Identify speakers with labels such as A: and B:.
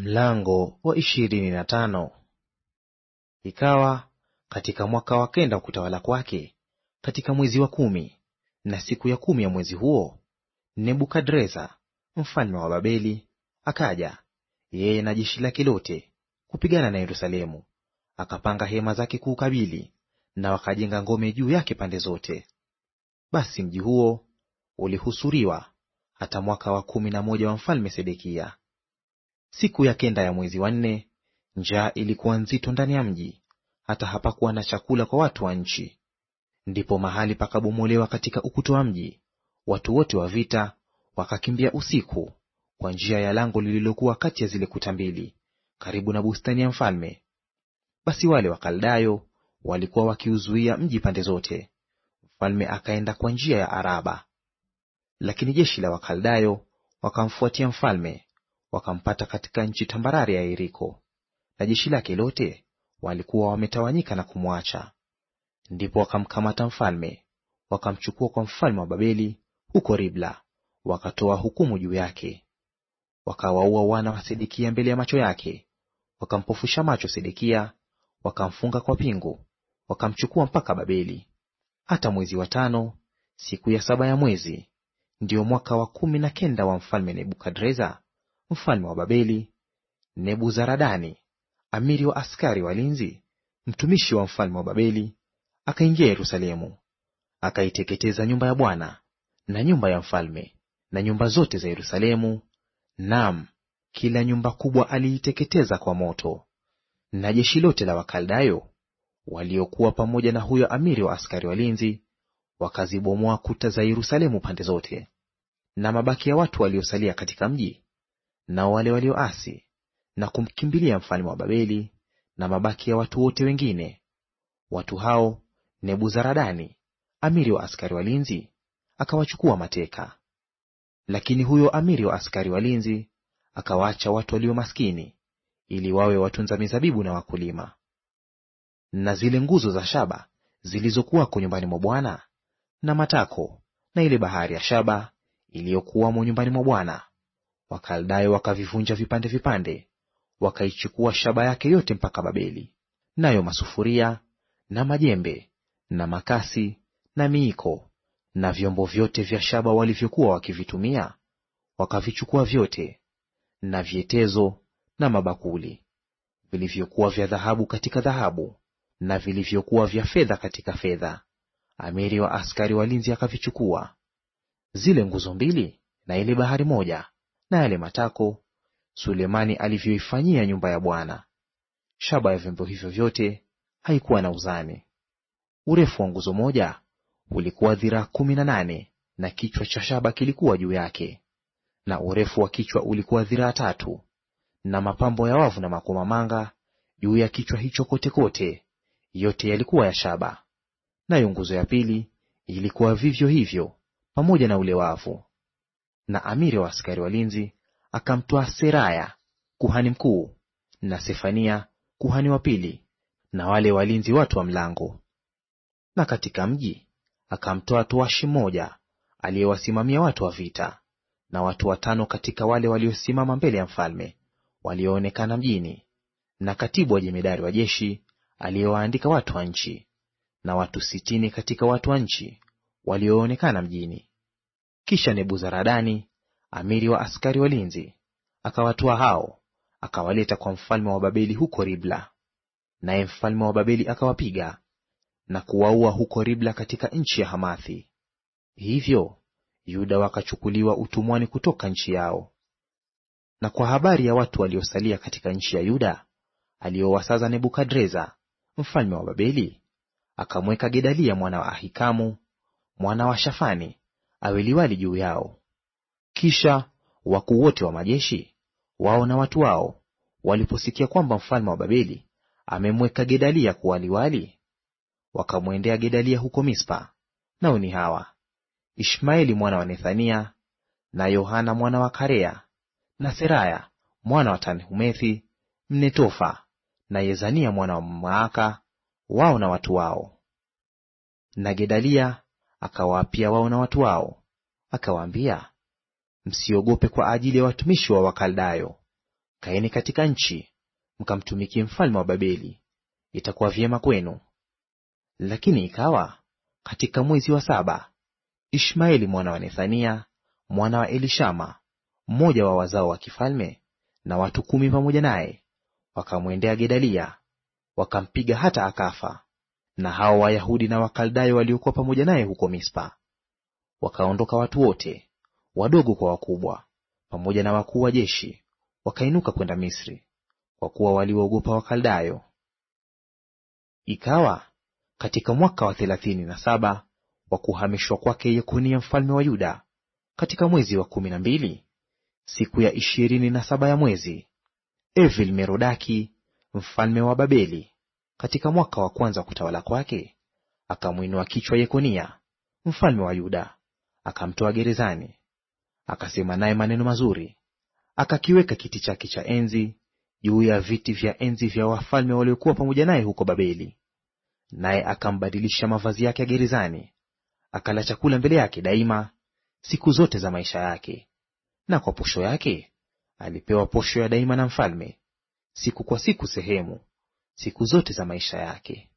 A: Mlango wa ishirini na tano. Ikawa katika mwaka wa kenda wa kutawala kwake, katika mwezi wa kumi na siku ya kumi ya mwezi huo, Nebukadreza mfalme wa Babeli akaja, yeye na jeshi lake lote, kupigana na Yerusalemu. Akapanga hema zake kuukabili, na wakajenga ngome juu yake pande zote. Basi mji huo ulihusuriwa hata mwaka wa kumi na moja wa mfalme Sedekia. Siku ya kenda ya mwezi wa nne, njaa ilikuwa nzito ndani ya mji, hata hapakuwa na chakula kwa watu wa nchi. Ndipo mahali pakabomolewa katika ukuta wa mji, watu wote wa vita wakakimbia usiku kwa njia ya lango lililokuwa kati ya zile kuta mbili, karibu na bustani ya mfalme. Basi wale Wakaldayo walikuwa wakiuzuia mji pande zote. Mfalme akaenda kwa njia ya Araba, lakini jeshi la Wakaldayo wakamfuatia mfalme wakampata katika nchi tambarare ya Yeriko, na jeshi lake lote walikuwa wametawanyika na kumwacha. Ndipo wakamkamata mfalme, wakamchukua kwa mfalme wa Babeli huko Ribla, wakatoa hukumu juu yake. Wakawaua wana wa Sedekia mbele ya macho yake, wakampofusha macho Sedekia, wakamfunga kwa pingu, wakamchukua mpaka Babeli. Hata mwezi wa tano, siku ya saba ya mwezi, ndiyo mwaka wa kumi na kenda wa mfalme Nebukadreza, mfalme wa Babeli, Nebuzaradani amiri wa askari walinzi, mtumishi wa mfalme wa Babeli, akaingia Yerusalemu, akaiteketeza nyumba ya Bwana na nyumba ya mfalme na nyumba zote za Yerusalemu, naam, kila nyumba kubwa aliiteketeza kwa moto. Na jeshi lote la Wakaldayo waliokuwa pamoja na huyo amiri wa askari walinzi wakazibomoa kuta za Yerusalemu pande zote. Na mabaki ya watu waliosalia katika mji nao wale walioasi na kumkimbilia mfalme wa Babeli na mabaki ya watu wote wengine, watu hao Nebuzaradani amiri wa askari walinzi akawachukua mateka. Lakini huyo amiri wa askari walinzi akawaacha watu walio maskini ili wawe watunza mizabibu na wakulima. Na zile nguzo za shaba zilizokuwako nyumbani mwa Bwana na matako na ile bahari ya shaba iliyokuwamo nyumbani mwa Bwana Wakaldayo wakavivunja vipande vipande, wakaichukua shaba yake yote mpaka Babeli, nayo masufuria na majembe na makasi na miiko na vyombo vyote vya shaba walivyokuwa wakivitumia wakavichukua vyote, na vyetezo na mabakuli vilivyokuwa vya dhahabu katika dhahabu, na vilivyokuwa vya fedha katika fedha. Amiri wa askari walinzi akavichukua. Zile nguzo mbili na ile bahari moja na yale matako Sulemani alivyoifanyia nyumba ya Bwana. Shaba ya vyombo hivyo vyote haikuwa na uzani. Urefu wa nguzo moja ulikuwa dhiraa kumi na nane na kichwa cha shaba kilikuwa juu yake, na urefu wa kichwa ulikuwa dhiraa tatu, na mapambo ya wavu na makomamanga juu ya kichwa hicho kote kote, yote yalikuwa ya shaba. Nayo nguzo ya pili ilikuwa vivyo hivyo pamoja na ule wavu na amiri wa askari walinzi akamtoa Seraya kuhani mkuu na Sefania kuhani wa pili na wale walinzi watu wa mlango. Na katika mji akamtoa tuashi mmoja aliyewasimamia watu wa vita, na watu watano katika wale waliosimama mbele ya mfalme walioonekana mjini, na katibu wa jemedari wa jeshi aliyewaandika watu wa nchi, na watu sitini katika watu wa nchi walioonekana mjini. Kisha Nebuzaradani amiri wa askari walinzi akawatoa hao, akawaleta kwa mfalme wa Babeli huko Ribla. Naye mfalme wa Babeli akawapiga na kuwaua huko Ribla katika nchi ya Hamathi. Hivyo Yuda wakachukuliwa utumwani kutoka nchi yao. Na kwa habari ya watu waliosalia katika nchi ya Yuda aliyowasaza Nebukadreza mfalme wa Babeli, akamweka Gedalia mwana wa Ahikamu mwana wa Shafani aweliwali juu yao. Kisha wakuu wote wa majeshi wao na watu wao waliposikia kwamba mfalme wa Babeli amemweka Gedalia kuwa liwali, wakamwendea Gedalia huko Mispa, nao ni hawa: Ishmaeli mwana wa Nethania na Yohana mwana wa Karea na Seraya mwana wa Tanhumethi Mnetofa na Yezania mwana wa Maaka wao na watu wao. Na Gedalia akawaapia wao na watu wao, akawaambia, msiogope kwa ajili ya watumishi wa Wakaldayo. Kaeni katika nchi mkamtumikie mfalme wa Babeli, itakuwa vyema kwenu. Lakini ikawa katika mwezi wa saba, Ishmaeli mwana wa Nethania mwana wa Elishama, mmoja wa wazao wa kifalme, na watu kumi pamoja naye wakamwendea Gedalia, wakampiga hata akafa na hao Wayahudi na Wakaldayo waliokuwa pamoja naye huko Mispa. Wakaondoka watu wote, wadogo kwa wakubwa, pamoja na wakuu wa jeshi, wakainuka kwenda Misri, kwa kuwa waliwaogopa Wakaldayo. Ikawa katika mwaka wa thelathini na saba wa kuhamishwa kwake Yekonia mfalme wa Yuda, katika mwezi wa kumi na mbili siku ya ishirini na saba ya mwezi, Evil Merodaki mfalme wa Babeli katika mwaka wa kwanza wa kutawala kwake, akamwinua kichwa Yekonia mfalme wa Yuda, akamtoa gerezani, akasema naye maneno mazuri, akakiweka kiti chake cha enzi juu ya viti vya enzi vya wafalme waliokuwa pamoja naye huko Babeli. Naye akambadilisha mavazi yake ya gerezani, akala chakula mbele yake daima siku zote za maisha yake. Na kwa posho yake alipewa posho ya daima na mfalme, siku kwa siku sehemu, siku zote za maisha yake.